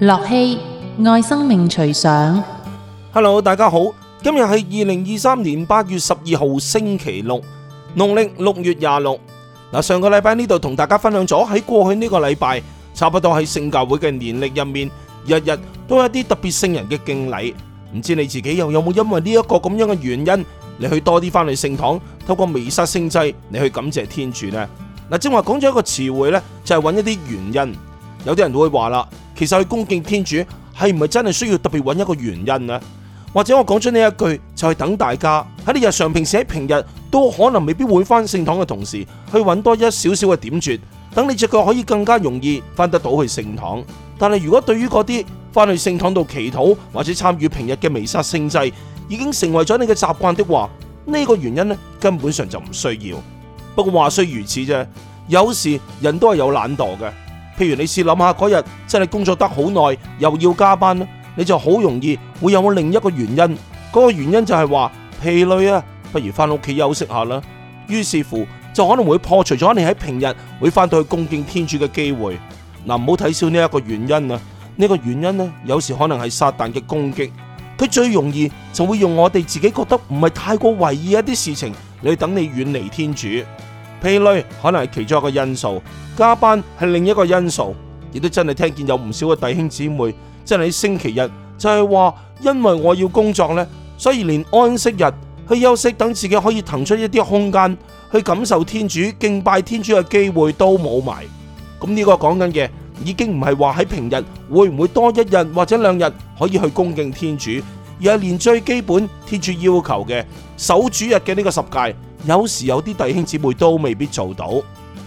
駱曦愛生命隨想，Hello，大家好，今日係二零二三年八月十二號星期六，農曆六月廿六。嗱，上個禮拜呢度同大家分享咗喺過去呢個禮拜，差不多喺聖教會嘅年曆入面，日日都有一啲特別聖人嘅敬禮。唔知你自己又有冇因為呢一個咁樣嘅原因，你去多啲翻去聖堂，透過彌撒聖祭，你去感謝天主呢？嗱，正話講咗一個詞彙呢，就係揾一啲原因。有啲人會話啦。其實去恭敬天主係唔係真係需要特別揾一個原因呢？或者我講出呢一句就係、是、等大家喺你日常平時喺平日都可能未必會翻聖堂嘅同時，去揾多一少少嘅點綴，等你隻腳可以更加容易翻得到去聖堂。但係如果對於嗰啲翻去聖堂度祈禱或者參與平日嘅彌撒聖祭已經成為咗你嘅習慣的話，呢、這個原因咧根本上就唔需要。不過話雖如此啫，有時人都係有懶惰嘅。譬如你試諗下嗰日真係工作得好耐，又要加班，你就好容易會有另一個原因。嗰個原因就係話疲累啊，不如翻屋企休息下啦。於是乎就可能會破除咗你喺平日會翻到去恭敬天主嘅機會。嗱，唔好睇小呢一個原因啊，呢個原因呢，有時可能係撒旦嘅攻擊。佢最容易就會用我哋自己覺得唔係太過為意一啲事情嚟等你遠離天主。疲累可能係其中一個因素，加班係另一個因素，亦都真係聽見有唔少嘅弟兄姊妹真係喺星期日就係話，因為我要工作呢，所以連安息日去休息，等自己可以騰出一啲空間去感受天主、敬拜天主嘅機會都冇埋。咁呢個講緊嘅，已經唔係話喺平日會唔會多一日或者兩日可以去恭敬天主，而係連最基本天主要求嘅守主日嘅呢個十誡。有時有啲弟兄姊妹都未必做到，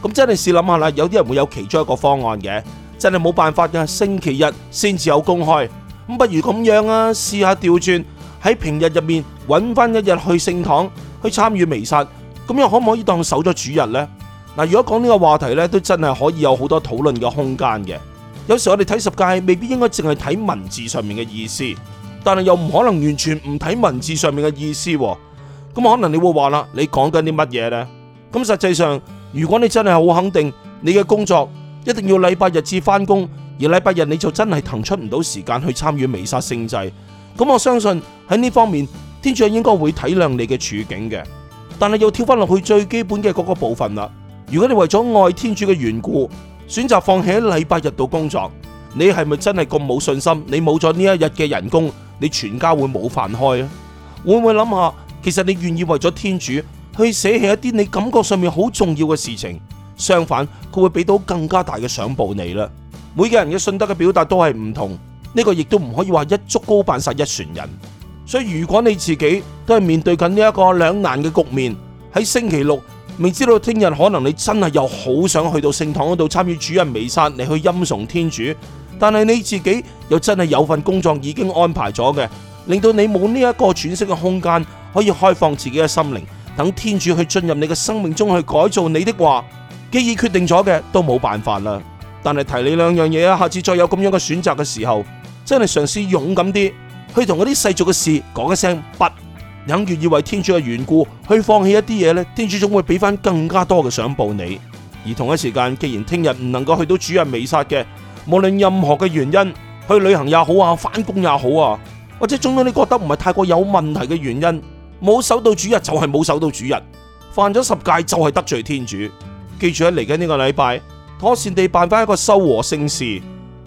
咁真係試諗下啦。有啲人會有其中一個方案嘅，真係冇辦法嘅。星期日先至有公開，咁不如咁樣啊，試下調轉喺平日入面揾翻一日去聖堂去參與彌撒，咁又可唔可以當守咗主日呢？嗱，如果講呢個話題呢，都真係可以有好多討論嘅空間嘅。有時我哋睇十誡，未必應該淨係睇文字上面嘅意思，但係又唔可能完全唔睇文字上面嘅意思。咁可能你會話啦，你講緊啲乜嘢呢？咁實際上，如果你真係好肯定你嘅工作一定要禮拜日至翻工，而禮拜日你就真係騰出唔到時間去參與彌撒聖祭，咁我相信喺呢方面天主應該會體諒你嘅處境嘅。但係又跳翻落去最基本嘅嗰個部分啦。如果你為咗愛天主嘅緣故選擇放棄喺禮拜日度工作，你係咪真係咁冇信心？你冇咗呢一日嘅人工，你全家會冇飯開啊？會唔會諗下？其實你願意為咗天主去捨棄一啲你感覺上面好重要嘅事情，相反佢會俾到更加大嘅賞報你啦。每個人嘅信德嘅表達都係唔同，呢、這個亦都唔可以話一竹篙打晒一船人。所以如果你自己都係面對緊呢一個兩難嘅局面，喺星期六未知道聽日可能你真係又好想去到聖堂嗰度參與主日彌撒，嚟去欽崇天主，但係你自己又真係有份工作已經安排咗嘅，令到你冇呢一個喘息嘅空間。可以開放自己嘅心靈，等天主去進入你嘅生命中去改造你的話，既已決定咗嘅都冇辦法啦。但係提你兩樣嘢啊，下次再有咁樣嘅選擇嘅時候，真係嘗試勇敢啲去同嗰啲世俗嘅事講一聲不，肯願意為天主嘅緣故去放棄一啲嘢，呢天主總會俾翻更加多嘅賞報你。而同一時間，既然聽日唔能夠去到主日彌撒嘅，無論任何嘅原因，去旅行也好啊，返工也好啊，或者總有你覺得唔係太過有問題嘅原因。冇守到主日就係冇守到主日，犯咗十誡，就係得罪天主。記住喺嚟緊呢個禮拜，妥善地辦翻一個修和聖事，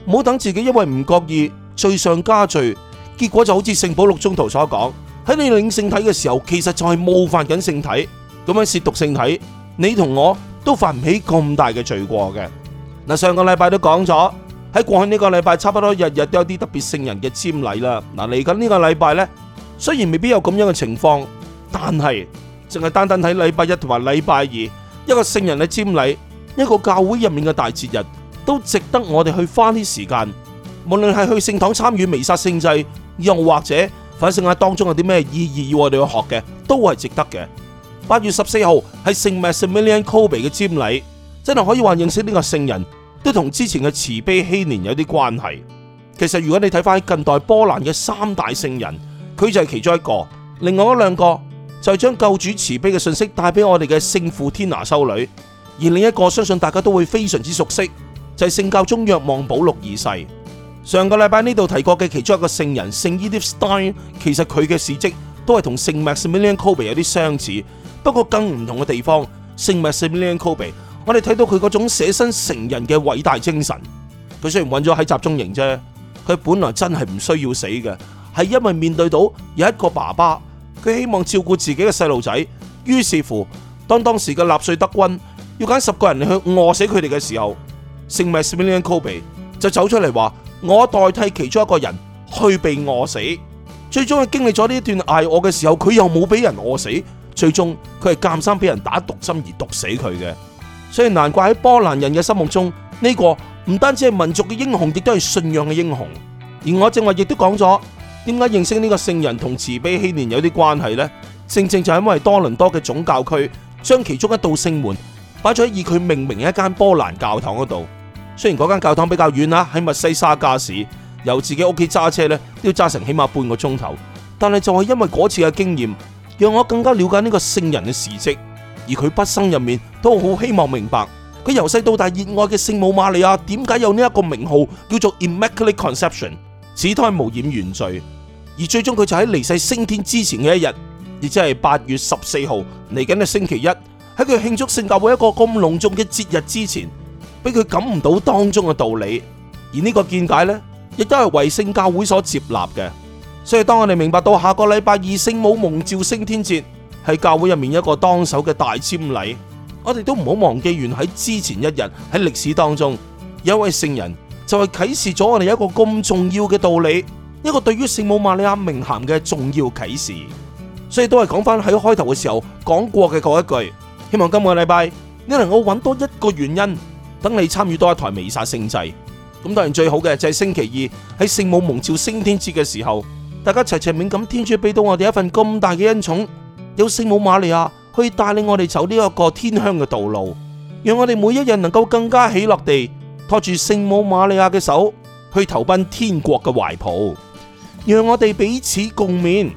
唔好等自己因為唔覺意罪上加罪，結果就好似聖保祿宗徒所講，喺你領聖體嘅時候，其實就係冒犯緊聖體，咁樣褻瀆聖體。你同我都犯唔起咁大嘅罪過嘅。嗱，上個禮拜都講咗，喺過去呢個禮拜差不多日日都有啲特別聖人嘅瞻禮啦。嗱，嚟緊呢個禮拜呢。雖然未必有咁樣嘅情況，但係淨係單單睇禮拜一同埋禮拜二一個聖人嘅瞻禮，一個教會入面嘅大節日，都值得我哋去花啲時間。無論係去聖堂參與彌撒聖祭，又或者反省下當中有啲咩意義要我哋去學嘅，都係值得嘅。八月十四號係聖 Maximilian Kolbe 嘅瞻禮，真係可以話認識呢個聖人，都同之前嘅慈悲禧年有啲關係。其實如果你睇翻近代波蘭嘅三大聖人，佢就係其中一個，另外一兩個就係將救主慈悲嘅信息帶俾我哋嘅聖父天拿修女，而另一個相信大家都會非常之熟悉，就係、是、聖教宗若望保禄二世。上個禮拜呢度提過嘅其中一個聖人聖 Edith Stein 其實佢嘅事蹟都係同聖麥斯米連科比有啲相似，不過更唔同嘅地方，聖麥斯米連科比，我哋睇到佢嗰種捨身成仁嘅偉大精神。佢雖然韫咗喺集中營啫，佢本來真係唔需要死嘅。係因為面對到有一個爸爸，佢希望照顧自己嘅細路仔。於是乎，當當時嘅納粹德軍要揀十個人去餓死佢哋嘅時候，聖麥斯米連科比就走出嚟話：我代替其中一個人去被餓死。最終喺經歷咗呢一段挨餓嘅時候，佢又冇俾人餓死。最終佢係監生俾人打毒針而毒死佢嘅。所以難怪喺波蘭人嘅心目中，呢個唔單止係民族嘅英雄，亦都係信仰嘅英雄。而我正話亦都講咗。點解認識呢個聖人同慈悲禧年有啲關係呢？正正就係因為多倫多嘅總教區將其中一道聖門擺咗喺以佢命名一間波蘭教堂嗰度。雖然嗰間教堂比較遠啦，喺密西沙加市，由自己屋企揸車呢，都要揸成起碼半個鐘頭。但係就係因為嗰次嘅經驗，讓我更加了解呢個聖人嘅事跡。而佢畢生入面都好希望明白，佢由細到大熱愛嘅聖母瑪利亞點解有呢一個名號叫做 Immaculate Conception，此胎無染原罪。而最終佢就喺離世升天之前嘅一日，亦即係八月十四號，嚟緊嘅星期一，喺佢慶祝聖教會一個咁隆重嘅節日之前，俾佢感悟到當中嘅道理。而呢個見解呢，亦都係為聖教會所接納嘅。所以當我哋明白到下個禮拜二聖母蒙召升天節係教會入面一個當守嘅大瞻禮，我哋都唔好忘記原來喺之前一日喺歷史當中，有一位聖人就係啟示咗我哋一個咁重要嘅道理。一個對於聖母瑪利亞名銜嘅重要啟示，所以都係講翻喺開頭嘅時候講過嘅嗰一句，希望今個禮拜你能夠揾多一個原因，等你參與多一台彌撒聖祭。咁當然最好嘅就係星期二喺聖母蒙召升天節嘅時候，大家齊齊敏感天主俾到我哋一份咁大嘅恩寵，有聖母瑪利亞去帶領我哋走呢一個天鄉嘅道路，讓我哋每一日人能夠更加喜樂地拖住聖母瑪利亞嘅手，去投奔天國嘅懷抱。讓我哋彼此共勉。